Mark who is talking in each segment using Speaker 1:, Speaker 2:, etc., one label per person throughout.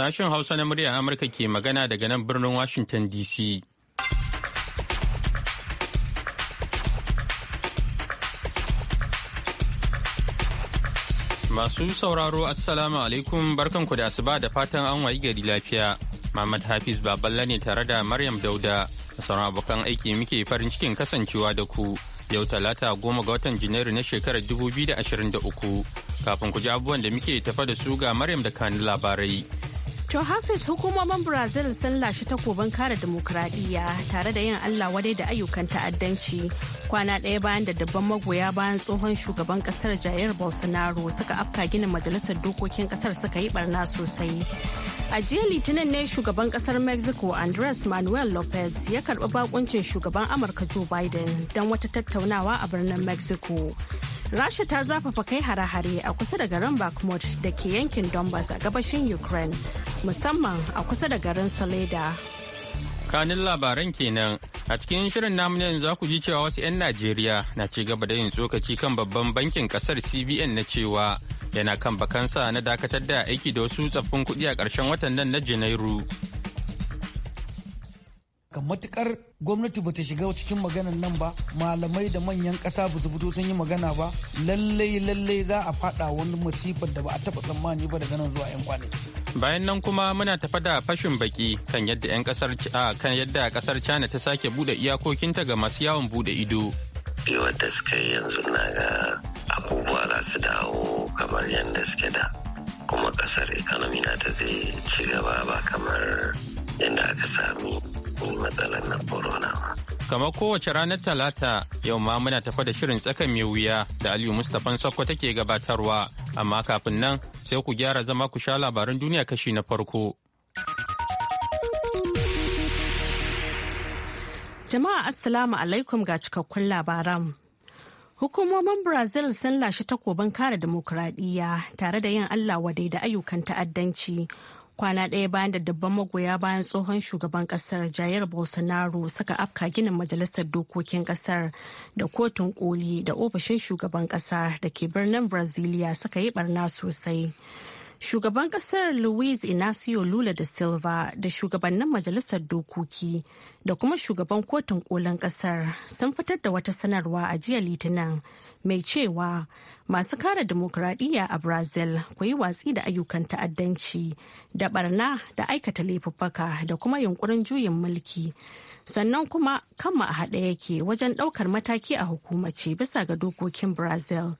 Speaker 1: Sashen Hausa na muryar Amurka ke magana daga nan birnin Washington DC. Masu sauraro Assalamu alaikum barkanku da asuba da fatan an wayi gari lafiya. Muhammad Hafiz Baballa ne tare da Maryam Dauda da sauran abokan aiki muke farin cikin kasancewa da ku. Yau talata goma ga watan Janairu na shekarar dubu biyu da 2023 kafin ku ji abubuwan da muke tafa da su ga Maryam da kanin labarai.
Speaker 2: To Hafiz hukumomin Brazil sun lashe takobin kare demokradiyya tare da yin Allah wadai da ayyukan ta'addanci kwana ɗaya bayan da dabban magoya bayan tsohon shugaban ƙasar Jair Bolsonaro suka afka gina majalisar dokokin ƙasar suka yi barna sosai. A jiya litinin ne shugaban ƙasar Mexico Andres Manuel Lopez ya karɓi bakuncin shugaban Amurka Joe Biden don wata tattaunawa a birnin Mexico. Rasha ta zafafa kai hare-hare a kusa da garin Bakhmut da ke yankin Donbass a gabashin Ukraine. musamman a kusa da garin Soleda.
Speaker 1: Kanin labaran kenan a cikin shirin namu yanzu za ku ji cewa wasu 'yan Najeriya na ci gaba da yin tsokaci kan babban bankin kasar CBN na cewa yana kan bakansa na dakatar da aiki da wasu tsaffin kuɗi a ƙarshen watan nan na Janairu.
Speaker 3: ga matukar gwamnati bata shiga cikin maganan nan ba malamai da manyan kasa ba su fito sun yi magana ba lallai lallai za a fada wani masifar da ba a taba tsammani ba daga nan zuwa yan
Speaker 1: kwanaki bayan nan kuma muna tafa da fashin baki kan yadda yan kasar kan yadda kasar China ta sake bude ta ga masu yawon bude ido
Speaker 4: wadda suka yi yanzu na ga abubuwa za su dawo kamar yadda suke da kuma kasar ikonomi na ta zai ci gaba ba kamar yadda aka sami yaƙi matsalar
Speaker 1: Kamar kowace ranar Talata yau ma muna tafa da shirin tsakan mai wuya da Aliyu mustafan Sokko take gabatarwa amma kafin nan sai ku gyara zama ku sha labaran duniya kashi na farko.
Speaker 2: Jama'a Assalamu alaikum ga cikakkun labaran. Hukumomin Brazil sun lashe takobin kare demokuraɗiyya tare da yin Allah wadai da ayyukan ta'addanci kwana ɗaya bayan da dabban magoya bayan tsohon shugaban kasar jair bolsonaro saka afka ginin majalisar dokokin kasar da kotun koli da ofishin shugaban kasa da ke birnin brazilia saka yi barna sosai Shugaban kasar louis Inacio Lula da Silva da shugabannin majalisar dokoki da kuma shugaban kotun kolin kasar sun fitar da wata sanarwa a jiya litinin mai cewa masu kare demokuraɗiyya a Brazil ku yi watsi da ayyukan ta'addanci da barna da aikata laifuffuka da kuma yunkurin juyin mulki. sannan kuma kanmu a haɗe yake wajen ɗaukar mataki a hukumace bisa ga dokokin brazil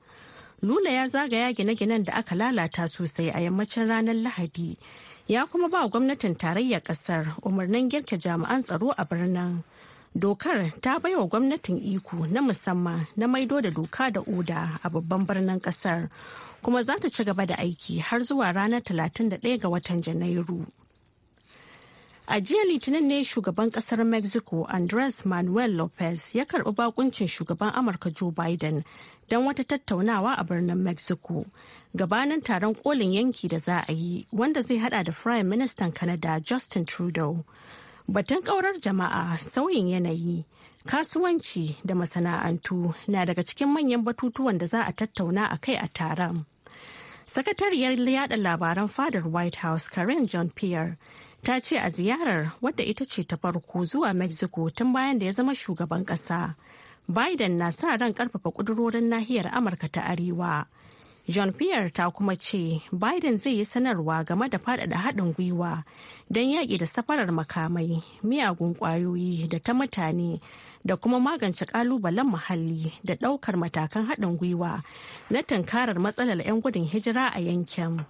Speaker 2: Lula ya zagaya gine-ginen da aka lalata sosai a yammacin ranar Lahadi. Ya kuma ba gwamnatin tarayyar kasar umarnin girke jami'an tsaro a birnin. Dokar ta baiwa gwamnatin iko na musamman na maido da doka da oda a babban birnin kasar kuma za ta ci gaba da aiki har zuwa ranar 31 ga watan Janairu. A jiya Litinin ne shugaban kasar Mexico Andres Manuel Lopez ya karɓi bakuncin shugaban Amurka Joe Biden don wata tattaunawa a birnin Mexico. Gabanin taron kolin yanki da za a yi wanda zai hada da Prime Minister Canada Justin Trudeau. Batun kaurar jama'a sauyin yanayi, kasuwanci da masana'antu na daga cikin manyan batutuwan da za a tattauna a kai a taron. Sakatariyar yada labaran fadar White House Karen John Pierre ta ce a ziyarar wadda ita ce ta farko zuwa mexico tun bayan da ya zama shugaban kasa, biden na sa ran karfafa ƙudurorin nahiyar amurka ta arewa john pierre ta kuma ce biden zai yi sanarwa game da faɗaɗa haɗin gwiwa don yaƙi da safarar makamai miyagun ƙwayoyi da ta mutane da kuma magance ƙalubalen muhalli da ɗaukar matakan haɗin gwiwa na tunkarar matsalar 'yan gudun hijira a yankin.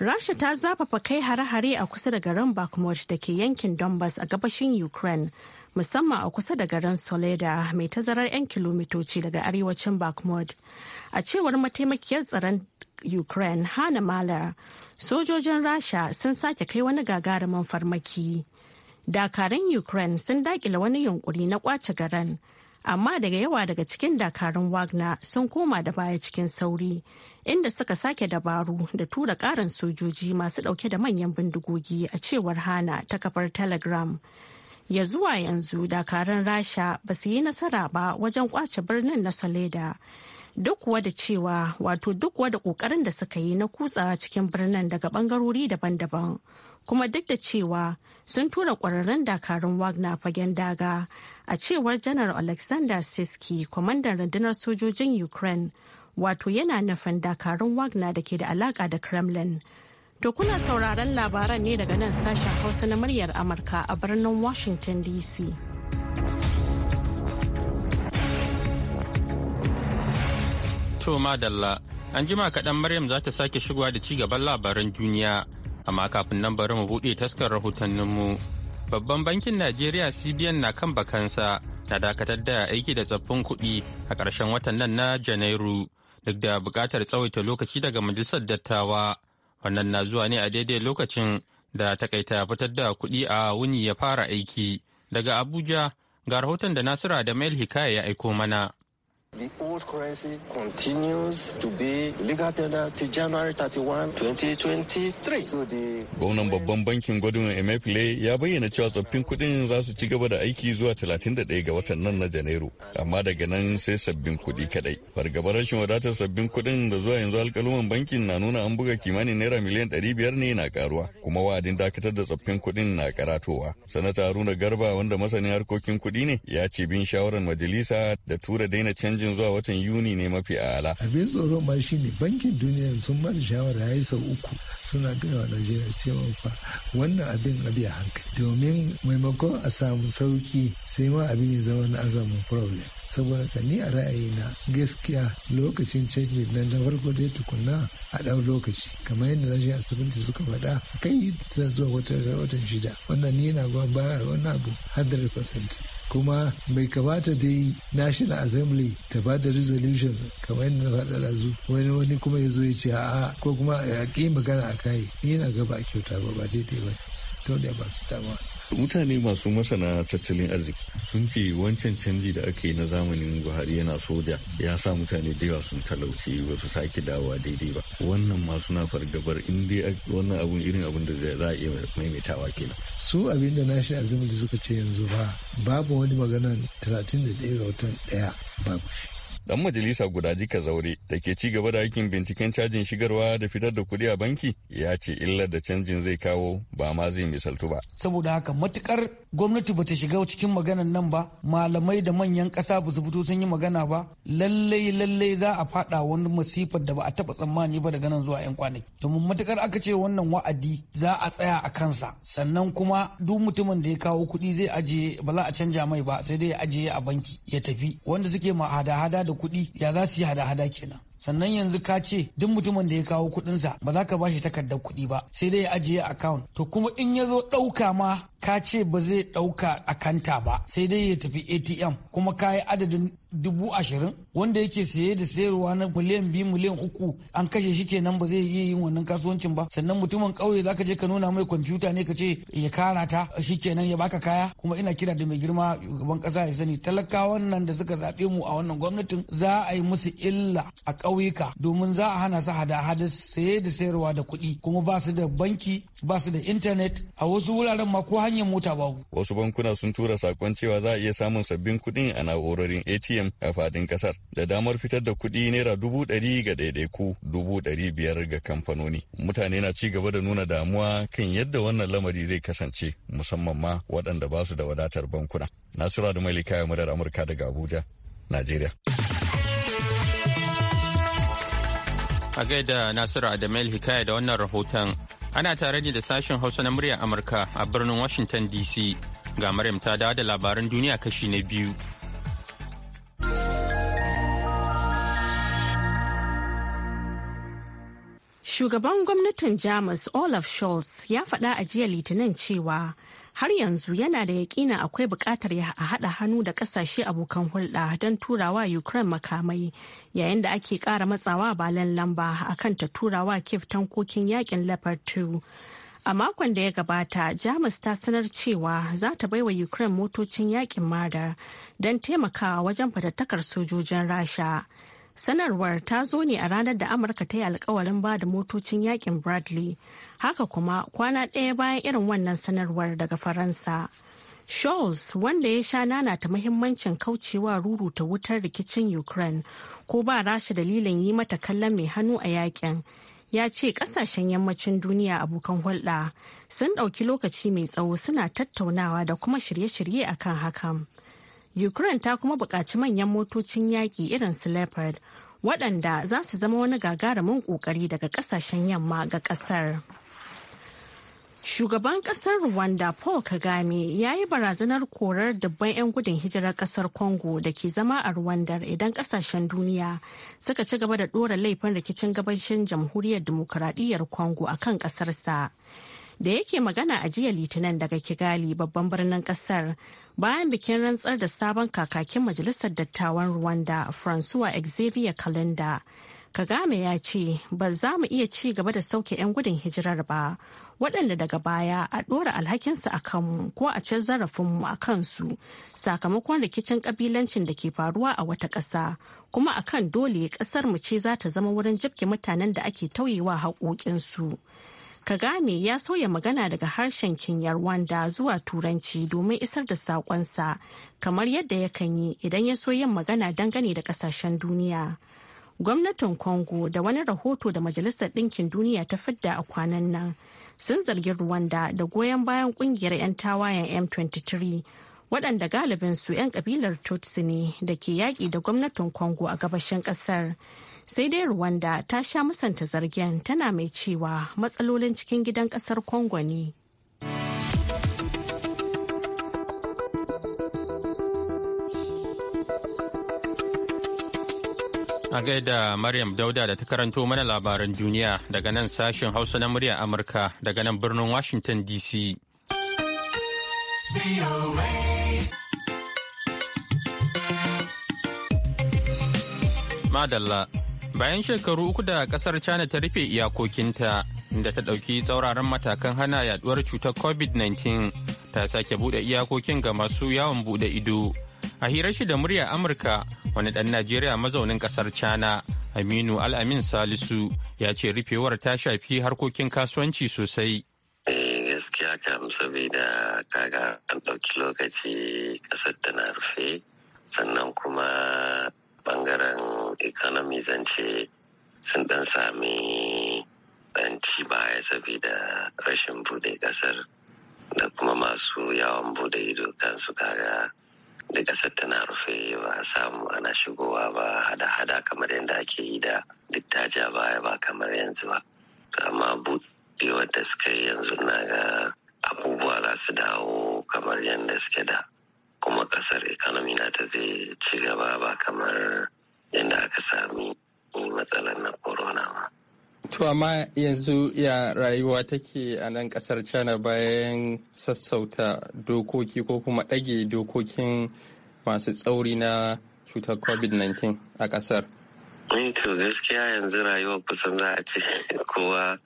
Speaker 2: Rasha ta zafafa kai hare-hare a kusa da garin Bakhmut da ke yankin Donbass a gabashin Ukraine, musamman a kusa da garin Soleda mai tazarar 'yan kilomitoci daga arewacin Bakhmut. A cewar mataimakiyar tsaron Ukraine, Hana Malar, sojojin Rasha sun sake kai wani gagarumin farmaki. Dakarun Ukraine sun dakile wani yunkuri na kwace garin amma daga yawa daga cikin dakarun wagner sun koma da baya cikin sauri inda suka sake dabaru da tura karin sojoji masu dauke da manyan bindigogi a cewar hana ta kafar telegram ya zuwa yanzu dakarun rasha ba su yi nasara ba wajen kwace birnin na soleda duk wada cewa wato duk wada kokarin da suka yi na kutsa cikin birnin daga bangarori daban-daban kuma duk da cewa sun tura kwararrun dakarun wagner fagen daga a cewar janar alexander siski kwamandan rundunar sojojin ukraine wato yana nufin dakarun wagner da ke da alaka da kremlin to kuna sauraron labaran ne daga nan sashen hausa na muryar amurka a birnin washington dc
Speaker 1: to madalla an jima kaɗan maryam za ta sake shigowa da ci gaban labaran duniya Amma kafin nan bari mu buɗe taskar rahotanninmu. Babban bankin Najeriya CBN na kan bakansa na dakatar da aiki da tsaffin kuɗi a ƙarshen watan nan na Janairu duk da buƙatar tsawaita lokaci daga majalisar dattawa. Wannan na zuwa ne a daidai lokacin da takaita fitar da kuɗi a wuni ya fara aiki. Daga Abuja ga rahoton da Nasiru Adamu Hikaya ya aiko mana.
Speaker 5: The old currency continues to be legal tender to January 31,
Speaker 6: 2023.
Speaker 7: Gwamnan babban bankin gwadon mfla ya bayyana cewa tsoffin kudin za su ci gaba da aiki zuwa 31 ga watan nan na Janairu, amma daga nan sai sabbin kudi kadai Fargabar rashin wadatar sabbin kudin da zuwa yanzu alkaluman bankin na nuna an buga kimanin naira miliyan 500 ne na karuwa, kuma wa'adin dakatar da tsoffin kudin na karatowa. Sanata Haruna Garba wanda masanin harkokin kuɗi ne ya ce bin shawarar majalisa da tura daina canjin canjin zuwa watan yuni ne mafi ala abin
Speaker 6: tsoro ma shi ne bankin duniya sun ba da shawara ya yi sau uku suna gaya wa najeriya cewa fa wannan abin a hankali domin maimakon a samu sauki sai ma abin ya zama na azamin problem saboda ka ni a na gaskiya lokacin canji na da farko dai tukunna
Speaker 8: a ɗau lokaci
Speaker 6: kamar yadda rashin asibiti suka faɗa kan yi ta zuwa watan shida wannan ni na goyon baya wani abu 100% kuma bai kamata dai national assembly ta ba da resolution kamar yadda na faɗa ɗazu wani wani kuma ya zo ya ce a'a ko kuma a ƙi magana a kai ni na gaba kyauta ba ba daidai ba to da ba su dama
Speaker 7: mutane masu masana tattalin arziki sun ce wancan canji da aka yi na zamanin buhari yana soja ya sa mutane da yawa sun talauci ba su sake dawowa daidai ba wannan ma suna fargabar in dai wannan abun irin abun da za a iya maimaitawa kenan
Speaker 6: su abin da na shi azumi da suka ce yanzu ba babu wani da 31 ga watan daya babu shi
Speaker 7: dan majalisa guda jika zaure da ke ci gaba da aikin binciken cajin shigarwa da fitar da kuɗi a banki ya ce illar da canjin zai kawo ba ma zai misaltu ba
Speaker 3: saboda haka matukar gwamnati ba ta shiga cikin maganan nan ba malamai da manyan ƙasa ba su fito sun yi magana ba lallai lallai za a fada wani masifar da ba a taba tsammani ba daga nan zuwa yan kwanaki domin matukar aka ce wannan wa'adi za a tsaya a kansa sannan kuma duk mutumin da ya kawo kuɗi zai ajiye ba za a canja mai ba sai dai ya ajiye a banki ya tafi wanda suke ma hada-hada da kuɗi ya za su yi hada-hada kenan sannan yanzu ka ce duk mutumin da ya kawo kuɗinsa ba za ka bashi takardar kuɗi ba sai dai ya ajiye akawun to kuma in ya zo ɗauka ma ka ce ba zai ɗauka a kanta ba sai dai ya tafi atm kuma ka yi adadin dubu ashirin wanda yake saye da sayarwa na miliyan biyu miliyan uku an kashe shi kenan ba zai iya yin wannan kasuwancin ba sannan mutumin kauye za ka je ka nuna mai kwamfuta ne ka ce ya kara ta shi kenan ya baka kaya kuma ina kira da mai girma shugaban ƙasa ya sani talakawan nan da suka zaɓe mu a wannan gwamnatin za a yi musu illa a ƙauyuka domin za a hana su hada-hada saye da sayarwa da kuɗi kuma ba su da banki ba su da intanet a wasu wuraren ma ko hanyar mota babu.
Speaker 7: Wasu bankuna sun tura sakon cewa za a iya samun sabbin kuɗi a na'urorin ATM a fadin ƙasar da damar fitar da kuɗi naira dubu ɗari ga ɗaiɗaiku dubu ɗari biyar ga kamfanoni. Mutane na ci gaba da nuna damuwa kan yadda wannan lamari zai kasance musamman ma waɗanda ba su da wadatar bankuna. Adamu da Malika Murar Amurka daga Abuja, Najeriya.
Speaker 1: A gaida Nasiru Adamel Hikaya da wannan rahoton ana tare ne da sashen Hausa na muryar Amurka a birnin Washington DC ga Maryam ta dawo da labaran duniya kashi na biyu.
Speaker 2: Shugaban gwamnatin Jamus Olaf Scholz ya faɗa a jiya Litinin cewa har yanzu yana da yakina akwai bukatar a haɗa hannu da ƙasashe abokan hulɗa don turawa Ukraine makamai yayin da ake ƙara matsawa ba lamba akan ta turawa kif tankokin yakin Leopard 2. A makon da ya gabata, Jamus ta sanar cewa za ta baiwa Ukraine motocin yakin mada don taimakawa wajen fatattakar sojojin Rasha. Sanarwar ta zo ne a ranar da Amurka ta yi alkawarin ba da motocin yakin Bradley, haka kuma kwana ɗaya bayan irin wannan sanarwar daga Faransa. Scholz wanda ya sha nana ta mahimmancin kaucewa ruruta wutar rikicin Ukraine ko ba rashi dalilin yi mata kallon mai hannu a yakin. ya ce kasashen yammacin duniya abokan hulɗa sun ɗauki lokaci mai tsawo suna tattaunawa da kuma shirye-shirye akan hakan. Ukraine ta kuma buƙaci manyan motocin yaƙi irin su Leopard waɗanda za su zama wani gagarumin ƙoƙari daga ƙasashen yamma ga ƙasar. Shugaban ƙasar Rwanda Paul Kagame ya yi barazanar korar dabban 'yan gudun hijirar ƙasar Congo da ke zama a Rwanda idan ƙasashen duniya suka ci gaba da ɗora laifin rikicin gabashin jamhuriyar demokuraɗiyyar Congo a kan ƙasarsa. da yake magana a jiya litinin daga kigali babban birnin kasar bayan bikin rantsar da sabon kakakin majalisar dattawan rwanda francois xavier kalenda kagame ya ce ba za mu iya ci gaba da sauke 'yan gudun hijirar ba waɗanda daga baya a ɗora alhakinsu a kanmu ko a zarafin zarafinmu a kansu sakamakon rikicin ƙabilancin da ke faruwa a wata ƙasa kuma akan dole ƙasar mu ce za ta zama wurin jibge mutanen da ake tauyewa haƙoƙinsu. Kagame ya sauya magana daga harshen wanda zuwa Turanci domin isar da saƙonsa kamar yadda yakan yi idan ya so yin magana dangane da ƙasashen duniya. Gwamnatin Congo da wani rahoto da Majalisar Ɗinkin Duniya ta fidda a kwanan nan sun zargi Rwanda da goyon bayan ƙungiyar 'yan tawayen M23 waɗanda galibinsu 'yan ƙabilar Tutsi ne da ke yaƙi da gwamnatin Congo a gabashin ƙasar. sai dai rwanda ta sha musanta zargen tana mai cewa matsalolin cikin gidan kasar congo ne
Speaker 1: a gaida maryam dauda da ta karanto mana labaran duniya daga nan sashen hausa na murya amurka daga nan birnin washington dc madalla bayan shekaru uku da kasar china ta rufe iyakokinta inda ta ɗauki tsauraran matakan hana yaduwar cutar covid-19 ta sake buɗe iyakokin ga masu yawon buɗe ido a hirar shi da murya amurka wani ɗan najeriya mazaunin kasar china aminu al'amin salisu ya ce rufewar ta shafi harkokin kasuwanci sosai
Speaker 4: eh, gaskiya kam saboda kaga an ɗauki lokaci ƙasar tana rufe sannan kuma bangaren economy ce sun dan sami dan ci baya saboda rashin bude kasar da kuma masu yawon bude ido kansu kaga da kasar tana rufe ba a samu ana shigowa ba hada-hada kamar yadda ake yi da duk ta baya ba kamar yanzu ba amma budewar da suka yi yanzu na ga abubuwa za su dawo kamar yadda suke da kuma kasar economy na ta zai ci gaba ba kamar yadda aka sami matsalar na
Speaker 1: corona ba. To amma yanzu ya rayuwa take a nan kasar China bayan sassauta dokoki ko kuma ɗage dokokin masu tsauri na cutar COVID-19 a
Speaker 4: kasar. Eh to gaskiya yanzu rayuwa kusan za a ce kowa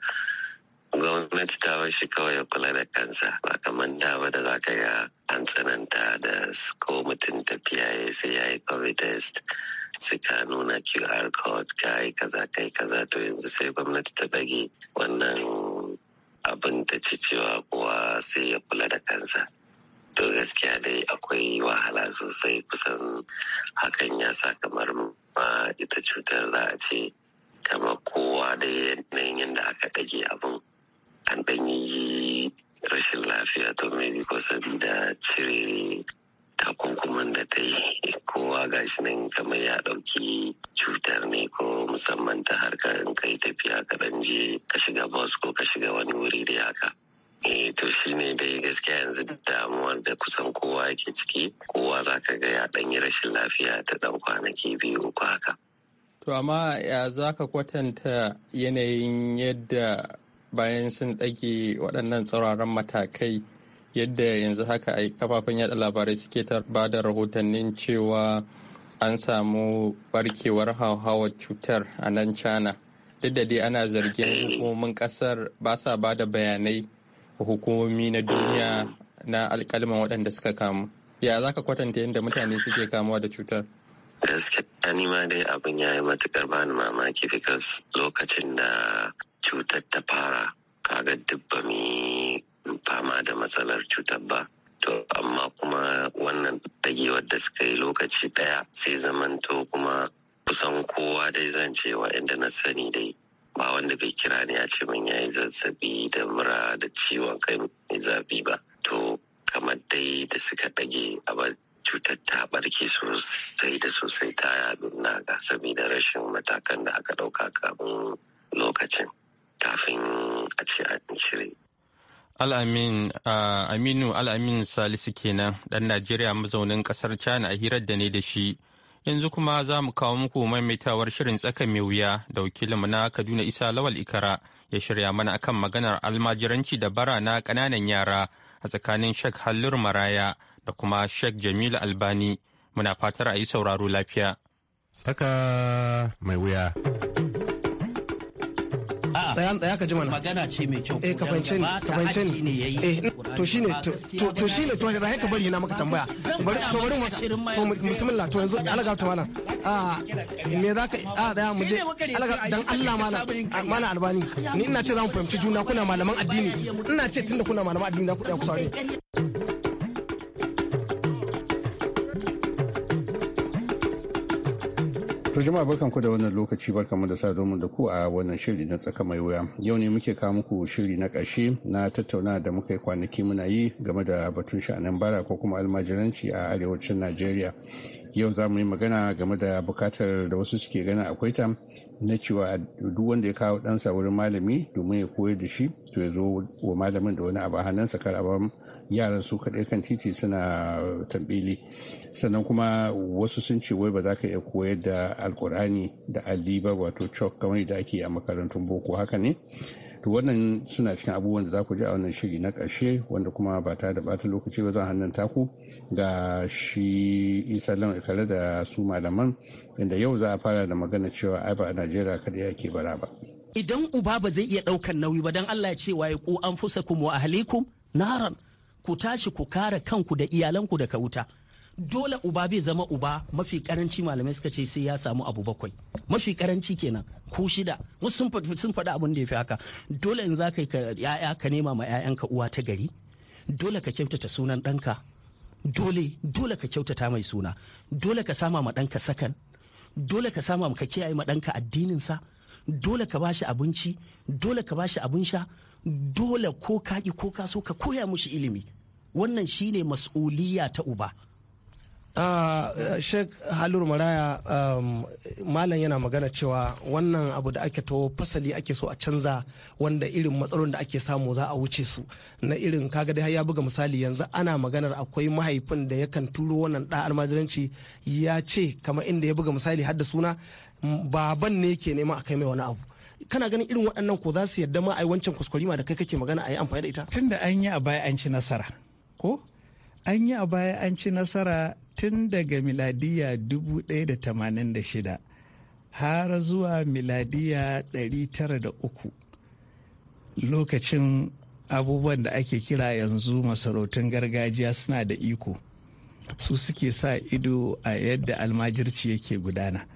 Speaker 4: gwamnati ta bar shi kawai ya kula da kansa ba kamar da ba da zaka ga an tsananta da ko mutum tafiya ya sai ya yi covid test suka nuna qr code ka yi kaza kai kaza to yanzu sai gwamnati ta dage wannan abin da ci cewa kowa sai ya kula da kansa to gaskiya dai akwai wahala sosai kusan hakan ya sa kamar ma ita cutar za a ce kama kowa da yanayin yadda aka ɗage abin an ɗan yi rashin lafiya to maybe sabida cire takunkuman da ta yi kowa gashi nan kamar ya ɗauki cutar ne ko musamman ta harkar in kai tafiya ka ɗan je ka shiga bus ko ka shiga wani wuri da haka eh to shine dai gaskiya yanzu damuwar da kusan kowa yake ciki kowa za ka ga ya ɗan yi rashin lafiya ta ɗan kwanaki biyu uku haka
Speaker 1: to amma ya za ka kwatanta yanayin yadda bayan sun ɗage waɗannan tsauraran matakai yadda yanzu haka a kafafen yada labarai suke ba da rahotannin cewa an samu barkewar hauhawar cutar a nan cana duk da dai ana zargin hukumomin ƙasar ba sa ba da bayanai hukumomi na duniya na alkalman waɗanda suka kamu ya za ka kwatanta yadda mutane suke kamuwa da cutar
Speaker 4: gaskiya ni ma dai abin ya yi matukar bani mamaki because lokacin da cutar ta fara kaga duk ba mi fama da matsalar cutar ba to amma kuma wannan dagewar da suka yi lokaci daya sai zamanto kuma kusan kowa dai zan ce inda na sani dai ba wanda bai kira ni ya ce min ya yi zazzabi da mura da ciwon kai mai zafi ba to kamar dai da suka dage a cutar ta barke sosai da sosai ta yadu na ga saboda rashin matakan da aka ɗauka kafin lokacin kafin a ce an cire.
Speaker 1: Al'amin Aminu Al'amin Salisu kenan ɗan Najeriya mazaunin ƙasar China a hirar da ne da shi. Yanzu kuma za mu kawo muku maimaitawar shirin tsaka mai wuya da wakilinmu na Kaduna Isa Lawal Ikara ya shirya mana akan maganar almajiranci da bara na ƙananan yara a tsakanin Sheikh Halur Maraya da kuma Sheikh Jamil Albani muna fatar a yi sauraro lafiya.
Speaker 8: Saka mai wuya.
Speaker 5: tsayan tsaya ka ji mana magana
Speaker 9: ce mai kyau eh kafance ni kafance ni eh to shine to to shine to da ka bari na maka tambaya bari to bari mu to bismillah to yanzu alaga ta mana a
Speaker 5: me zaka a ah, daya mu je alaga dan Allah mana mana albani ni ina ce za mu fahimci juna kuna malaman addini ina ce tunda kuna malaman addini na ku da ku
Speaker 4: saurare To
Speaker 8: jama'a barkanku da wannan lokaci mu da sa domin da ku a wannan shiri na tsaka mai wuya. Yau ne muke kawo muku shiri na ƙarshe na tattauna da muka yi kwanaki muna yi game da batun sha'anin bara ko kuma almajiranci a arewacin Najeriya. Yau za mu yi magana game da bukatar da wasu suke gana akwai ta na cewa duk wanda ya kawo ɗansa wurin malami domin ya koyar da shi to ya zo wa malamin da wani abu a hannunsa kar a yaran su kaɗai kan titi suna tambili sannan kuma wasu sun ce wai ba za ka iya koyar da alkur'ani da ali ba wato chok kamar da ake a makarantun boko haka ne to wannan suna cikin abubuwan da za ku ji a wannan shiri na ƙarshe wanda kuma ba ta da bata lokaci ba zan hannun taku ga shi isa lam ikare da su malaman inda yau za a fara da magana cewa ai ba a najeriya kaɗai ake bara ba
Speaker 9: idan uba ba zai iya ɗaukan nauyi ba don allah ya ce waye ku an fusa kuma wa ahalikum naran ku tashi ku kare kanku da iyalanku daga wuta dole uba bai zama uba mafi karanci malamai suka ce sai ya samu abu bakwai mafi karanci kenan ku shida wasu sun faɗi abin da ya fi haka dole in za ka ya'ya ka nema ma 'ya'yanka uwa ta gari dole ka kyautata sunan ɗanka dole dole ka kyautata mai suna dole ka sama ma ɗanka sakan dole ka sama ka kiyaye ma ɗanka addininsa dole ka bashi abinci dole ka bashi abin sha dole ko kaki ko ka so ka koya mushi ilimi wannan shine mas'uliya ta uba ah, eh, Sheikh Halur Maraya um,
Speaker 5: Malam yana magana cewa wannan abu da ake to fasali ake so a canza wanda irin matsalolin da ake samu za a wuce su na irin kaga dai ya buga misali yanzu ana maganar akwai mahaifin da yakan turo wannan da almajiranci ya ce kamar inda ya buga misali hadda suna baban ne yake nema a kai mai wani abu kana ganin irin waɗannan ko za su yarda ma a yi wancan kuskurima da kai kake magana a yi amfani da ita tunda an yi a baya an ci nasara
Speaker 6: ko an yi a baya an ci nasara tun daga miladiya shida, har zuwa miladiya 903 lokacin abubuwan da ake kira yanzu masarautun gargajiya suna da iko su suke sa ido a yadda almajirci yake gudana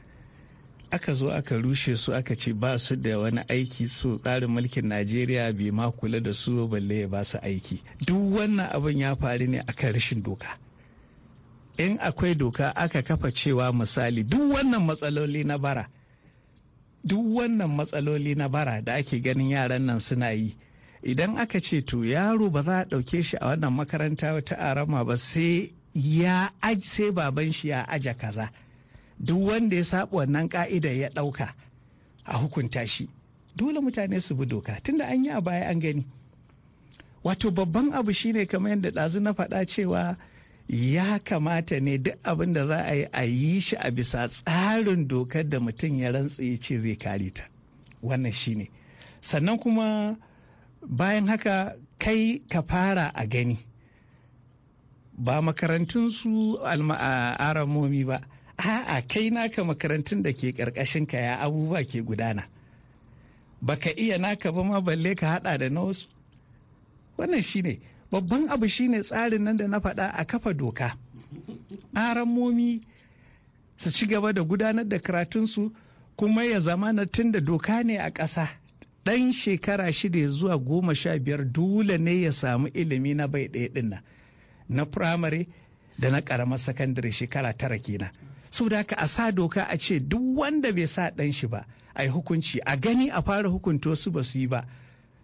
Speaker 6: aka zo aka rushe su aka ce ba su da wani aiki su tsarin mulkin najeriya bai ma kula da su balle ya ba su aiki duk wannan abin ya faru ne akan rashin doka in akwai doka aka kafa cewa misali duk wannan matsaloli na bara duk wannan matsaloli na bara da ake ganin yaran nan suna yi idan aka ce to yaro ba za a ɗauke shi a wannan makaranta ta arama ba sai ya sai baban shi ya aja kaza duk wanda ya saba wannan ka'ida ya ɗauka a hukunta shi dole mutane su bi doka tunda an yi a baya an gani wato babban abu shine kamar yadda ɗazu na faɗa cewa ya kamata ne duk abin da za a yi a yi shi a bisa tsarin dokar da mutum ya rantsa ya ce zai kare ta wannan shine sannan kuma bayan haka kai ka fara a gani ba makarantun su aramomi ba a'a kai naka makarantun da ke karkashin ka ya abubuwa ke gudana baka iya naka ba ma balle ka hada da na wasu wannan shine babban abu shine tsarin nan da na faɗa a kafa doka momi su ci gaba da gudanar da karatunsu kuma ya zama na tun da doka ne a ƙasa ɗan shekara shida zuwa goma sha biyar dole ne ya samu ilimi na bai ɗaya ɗin na firamare da na ƙaramar sakandare shekara tara kenan saboda haka a sa doka a ce duk wanda bai sa ɗan shi ba a yi hukunci a gani a fara hukunta wasu ba su yi ba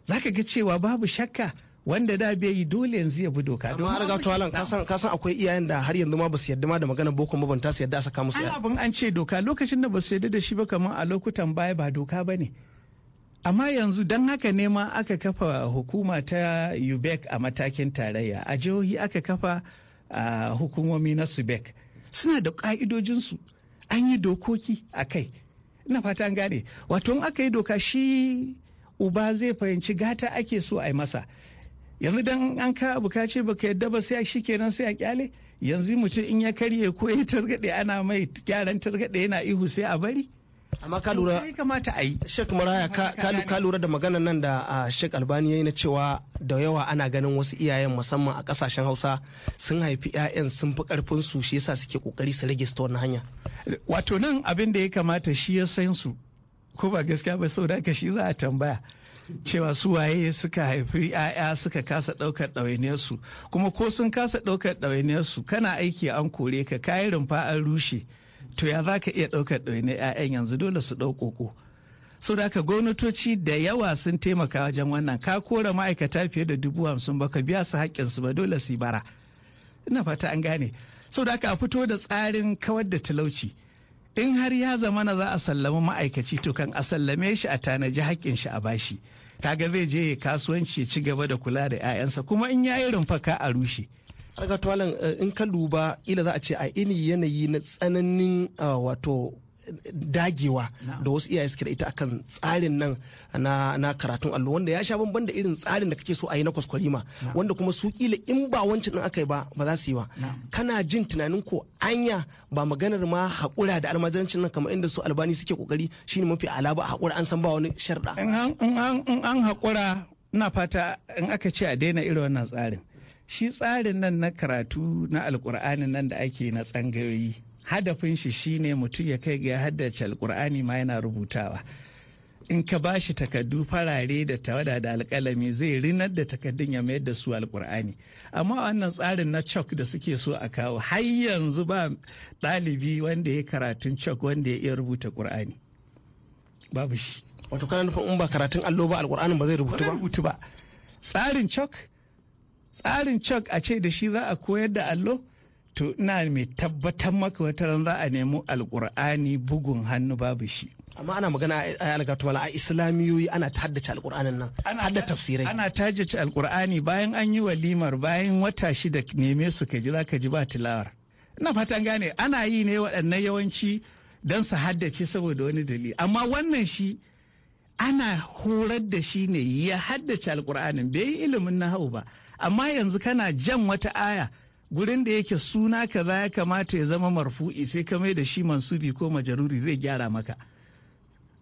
Speaker 6: za ka ga cewa babu shakka wanda da bai yi dole yanzu ya bi doka
Speaker 5: don har ga tawalan kasan kasan akwai
Speaker 6: iyayen da har yanzu ma ba su yarda ma da maganar boko mabanta su yarda a saka musu abin an ce doka lokacin da ba su yarda da shi ba kamar a lokutan baya ba doka bane amma yanzu don haka ne ma aka kafa hukuma ta ubec a matakin tarayya a jihohi aka kafa hukumomi na subek suna da ƙa'idojinsu an yi dokoki a kai ina fata an gane wato in aka yi doka shi uba zai fahimci gata ake so a yi masa yanzu dan an ka abu ka ce baka yadda ba sai shi kenan sai a kyale yanzu mutum in ya karye ko ya targaɗe ana mai gyaran targaɗe yana ihu sai a bari
Speaker 5: amma ka lura kamata a yi shek maraya ka lura da maganar nan da ah, shek albani yi na cewa da yawa ana ganin wasu iyayen musamman a kasashen hausa sun haifi 'ya'yan
Speaker 6: sun fi karfin su shi yasa suke kokari su rage ta wannan hanya wato nan abin da ya kamata shi ya san su ko ba gaskiya ba saboda haka shi za a tambaya cewa su waye suka haifi 'ya'ya suka kasa ɗaukar ɗawainiyarsu kuma ko sun kasa ɗaukar ɗawainiyarsu kana aiki an kore ka kayi rumfa an rushe to ya za ka iya ɗaukar ɗoyine 'ya'yan yanzu dole su ɗau ƙoƙo so da haka gwamnatoci da yawa sun taimaka wajen wannan ka kora ma'aikata fiye da dubu hamsin ba ka biya su haƙƙinsu ba dole su bara ina fata an gane so da fito da tsarin kawar da talauci in har ya zama na za a sallama ma'aikaci to kan a sallame shi a tanaji haƙƙin shi a bashi kaga zai je kasuwanci ci gaba da kula da 'ya'yansa kuma in yayi rumfaka a rushe Raga tuwalan eh,
Speaker 5: in ka duba ila za a ce a ini yanayi na tsananin eh, wato dagewa da wasu iyaye suke da ita akan tsarin nan na karatun allo wanda ya sha bamban da irin tsarin da kake so a yi na kwaskwarima wanda kuma su kila in ba wancan din aka yi ba ba za su yi ba kana jin tunanin ko anya ba maganar ma haƙura da almajirancin nan kamar inda su albani
Speaker 6: suke kokari shine mafi alaba a haƙura an san ba wani sharda in an haƙura ina fata in aka ce a daina irin wannan tsarin shi tsarin nan na karatu na alkur'ani nan da ake na tsangayoyi hadafin shi shine mutum ya kai ga ya haddace alkur'ani ma yana rubutawa in ka ba shi takardu farare da tawada da alkalami zai rinar da takardun ya mayar da su alkur'ani amma wannan tsarin na chalk da suke so a kawo har yanzu ba ɗalibi wanda ya karatun chalk wanda ya iya rubuta qur'ani babu shi wato kana nufin in ba karatun allo ba alkur'anin ba zai rubutu ba tsarin chalk tsarin chalk a ce da shi za a koyar da allo to ina mai tabbatar maka wata ran za a nemo alkur'ani bugun hannu babu shi
Speaker 5: amma ana magana a alkatuma a islamiyoyi ana ta haddace alkur'anin nan
Speaker 6: ana tafsirai ana tajace alkur'ani bayan an yi walimar bayan wata shida neme su ka ji zaka ji ba tilawar ina fatan gane ana yi ne waɗannan yawanci don su haddace saboda wani dalili amma wannan shi ana horar da shi ne ya haddace alkur'anin bai yi ilimin na hau ba amma yanzu kana jan wata aya gurin da yake suna kaza ya kamata ya zama marfu'i sai ka mai da shi mansubi ko majaruri zai gyara maka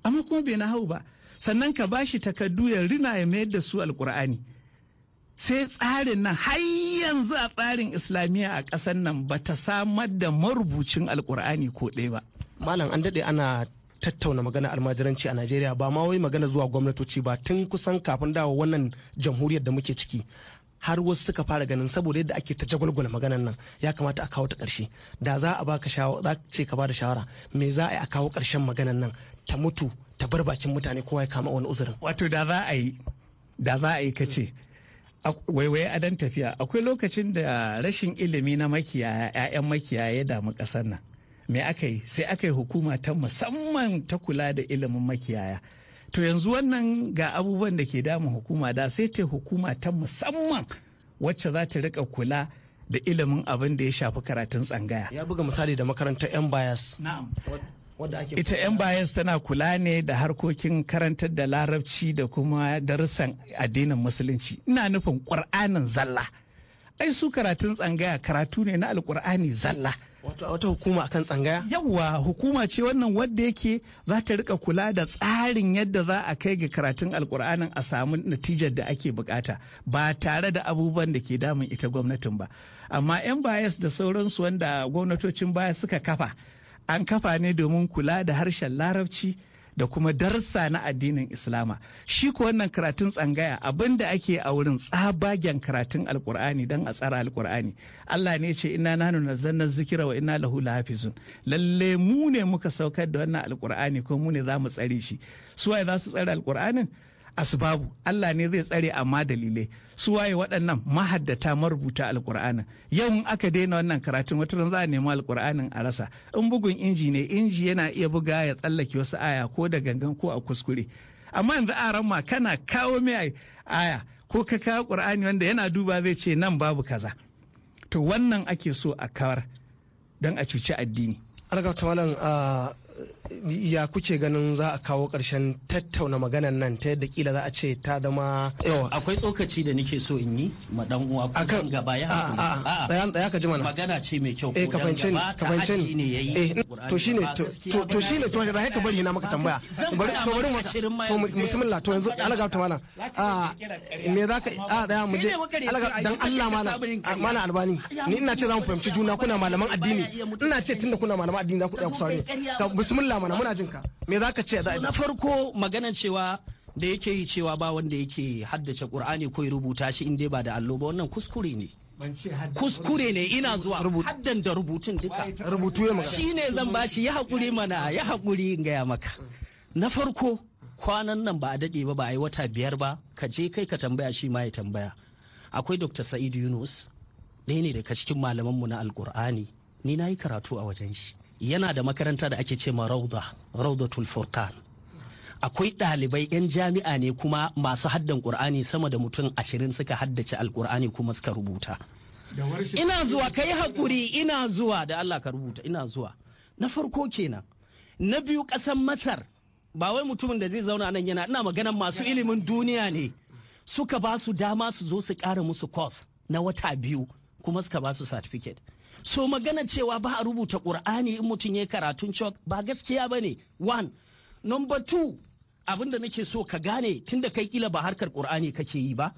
Speaker 6: amma kuma bai na hau ba sannan ka bashi takaddu ya rina ya mayar da su alkur'ani sai tsarin nan har yanzu a tsarin islamiyya a ƙasar nan ba ta samar da marubucin alkur'ani ko ɗaya ba malam an daɗe ana
Speaker 5: tattauna magana almajiranci a Najeriya ba ma wai magana zuwa gwamnatoci ba tun kusan kafin dawo wannan jamhuriyar da muke ciki har wasu suka fara ganin saboda yadda ake ta jagwalgwala maganan nan ya kamata a kawo ta ƙarshe da za a baka shawara za ce ka bada shawara me za a yi a kawo ƙarshen maganan
Speaker 6: nan ta mutu ta bar bakin mutane kowa ya kama wani uzurin wato da za a yi da za a yi kace waiwaye dan tafiya akwai lokacin da rashin ilimi na makiyaya ƴaƴan makiyaya ya damu ƙasar nan me aka yi sai aka yi hukuma ta musamman ta kula da ilimin makiyaya to yanzu wannan ga abubuwan da ke damun hukuma da sai ta hukuma ta musamman wacce za ta rika kula da ilimin abin da ya shafi karatun tsangaya ya buga misali da makarantar yan bayas ita yan bayas tana kula ne da harkokin karantar da larabci da kuma darussan addinin musulunci ina nufin ƙur'anin zalla ai su karatun tsangaya karatu ne na alƙur'ani zalla wata hukuma akan tsangaya yawwa hukuma ce wannan wadda yake za ta rika kula da tsarin yadda za a kai ga karatun alkur'anin a samu natijar da ake bukata ba tare da abubuwan da ke damun ita gwamnatin ba amma yan bayas da sauransu wanda gwamnatocin baya suka kafa an kafa ne domin kula da harshen larabci da kuma darsa na addinin islama shi ko wannan karatun tsangaya abinda ake a wurin tsabagen karatun alkur'ani don a tsara alkur'ani allah ne ce ina nanu nazzanna zikira wa ina lahu lahafizun lalle mu ne muka saukar da wannan alkur'ani ko mu ne za mu tsare shi waye za su tsare alkur'anin asbabu Allah ne zai tsare amma dalilai su waye waɗannan mahaddata marubuta alkur'ana yau in aka daina wannan karatun wata ran za a nemi alkur'anin a rasa in bugun inji ne inji yana iya buga ya tsallake wasu aya ko da gangan ko a kuskure amma yanzu aran ma kana kawo mai aya ko ka kawo ƙur'ani wanda yana duba zai ce nan babu kaza to wannan ake so a kawar don a cuci addini. ta malam ah, ya
Speaker 5: kuke ganin za a kawo ƙarshen tattauna maganan nan ta yadda kila za a ce ta zama
Speaker 9: akwai tsokaci da nake so in yi ma dan uwa ko gaba ya a a tsaya ka ji mana magana ce mai kyau
Speaker 4: eh, ni. kafancin kafancin eh to shine to shine to da haka bari na maka tambaya bari to bari mu to bismillah to yanzu alaga ta mana a
Speaker 5: me za ka a tsaya mu je alaga dan Allah mana mana albani ni ina ce za mu fahimci juna kuna malaman addini ina ce tunda kuna malaman addini za ku tsaya ku saurare bismillah mana muna jinka
Speaker 9: me zaka ce da na farko magana cewa da yake yi cewa ba wanda yake haddace qur'ani ko rubuta shi in dai ba da allo ba wannan kuskure ne kuskure ne ina zuwa haddan da rubutun duka rubutu ya maka shine zan bashi ya hakuri mana ya hakuri in gaya maka na farko kwanan nan ba a daɗe ba ba a yi wata biyar ba ka je kai ka tambaya shi ma ya tambaya akwai dr sa'id yunus ɗaya ne daga cikin malamanmu na alkur'ani ni na yi karatu a wajen shi yana da makaranta da ake ce ma rauda rauda tulfurkan akwai ɗalibai 'yan jami'a ne kuma masu haddan ƙur'ani sama da mutum ashirin suka haddace alƙur'ani kuma suka rubuta ina zuwa kai hakuri ina zuwa da Allah ka rubuta ina zuwa na farko kenan na biyu ƙasan masar ba wai mutumin da zai zauna nan yana ina magana masu ilimin duniya ne suka ba su dama su zo su kara musu kwas na wata biyu kuma suka ba su certificate so magana cewa ba a rubuta ƙur'ani in mutum ya karatun cewa ba gaskiya ba ne one number two abin da nake so ka gane tun da kai kila ba harkar ƙur'ani kake yi ba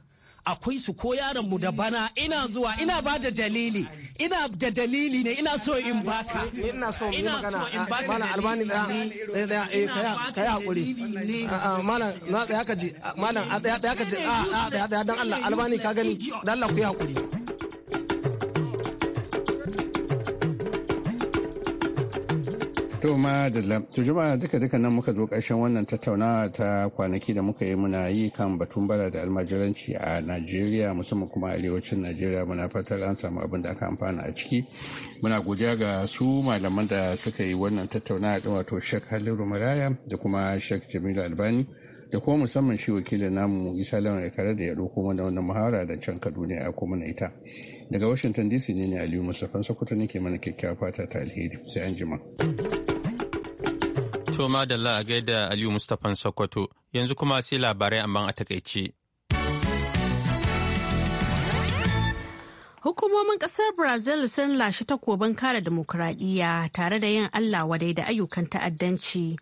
Speaker 9: akwai su ko yaran mu da bana ina zuwa ina ba da dalili ina da dalili ne ina so in baka ina
Speaker 5: so in magana malam albani da da eh kai kai hakuri ah, ah, malam na da ka ji ah, malam da ka ji a da dan Allah albani ka gani dan Allah ku yi hakuri
Speaker 8: To ma da to jama'a duka duka nan muka zo ƙarshen wannan tattaunawa ta kwanaki da muka yi muna yi kan batun bala da almajiranci a Najeriya musamman kuma arewacin Najeriya muna fatar an samu abin da aka amfana a ciki. Muna godiya ga su malaman da suka yi wannan tattaunawa da wato Sheikh Halilu Maraya da kuma Sheikh Jamilu Albani da kuma musamman shi wakilin namu Isa Lawan Kare da ya ɗauko mana wannan muhawara da can Kaduna ya kuma na ita. Daga Washington DC ne ne Aliyu Mustapha Sokoto ke mana kyakkyawa fata ta alheri sai an jima.
Speaker 1: To madalla a gaida Aliyu Mustapha Sokoto yanzu kuma sai labarai amma a takaice.
Speaker 2: Hukumomin kasar Brazil sun lashe takobin kare demokuraɗiyya tare da yin Allah wadai da ayyukan ta'addanci.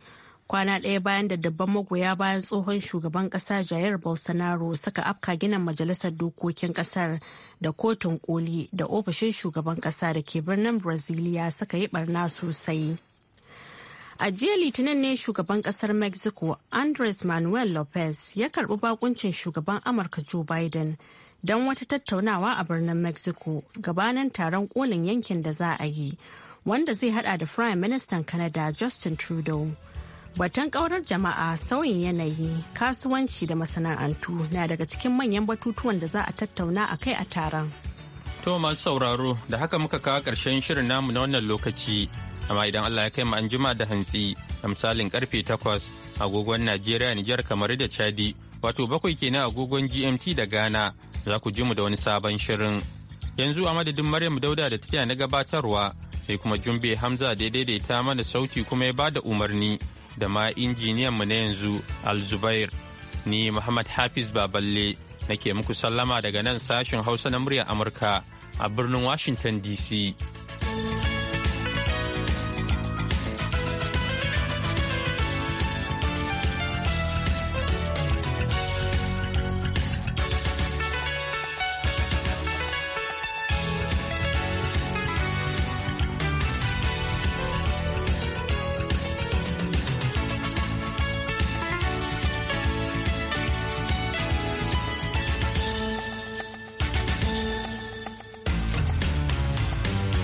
Speaker 2: Kwana ɗaya bayan da dabban magoya bayan tsohon shugaban ƙasa Jair Bolsonaro suka afka ginin majalisar dokokin ƙasar da kotun koli da ofishin shugaban ƙasa da ke birnin Brasilia suka yi barna sosai. A jiya Litinin ne shugaban kasar Mexico Andres Manuel Lopez ya karbi bakuncin shugaban Amurka Joe Biden don wata tattaunawa a birnin Mexico gabanin taron kolin yankin da za a yi wanda zai hada da Prime Minister Canada Justin Trudeau. Batun kaurar jama'a sauyin yanayi, kasuwanci da masana'antu na daga cikin manyan batutuwan da za a tattauna a kai a taron.
Speaker 1: To sauraro da haka muka kawo ƙarshen shirin namu na wannan lokaci. amma idan Allah ya kai mu an juma da hantsi a misalin karfe 8 agogon Najeriya Nijar kamar da Chadi wato bakwai kenan agogon GMT da Ghana za ku ji mu da wani sabon shirin yanzu a madadin Maryam Dauda da take na gabatarwa sai kuma Jumbe Hamza da daidaita mana sauti kuma ya bada umarni da ma injiniyan mu na yanzu Al-Zubair ni Muhammad Hafiz Baballe nake muku sallama daga nan sashin Hausa na muryar Amurka a birnin Washington DC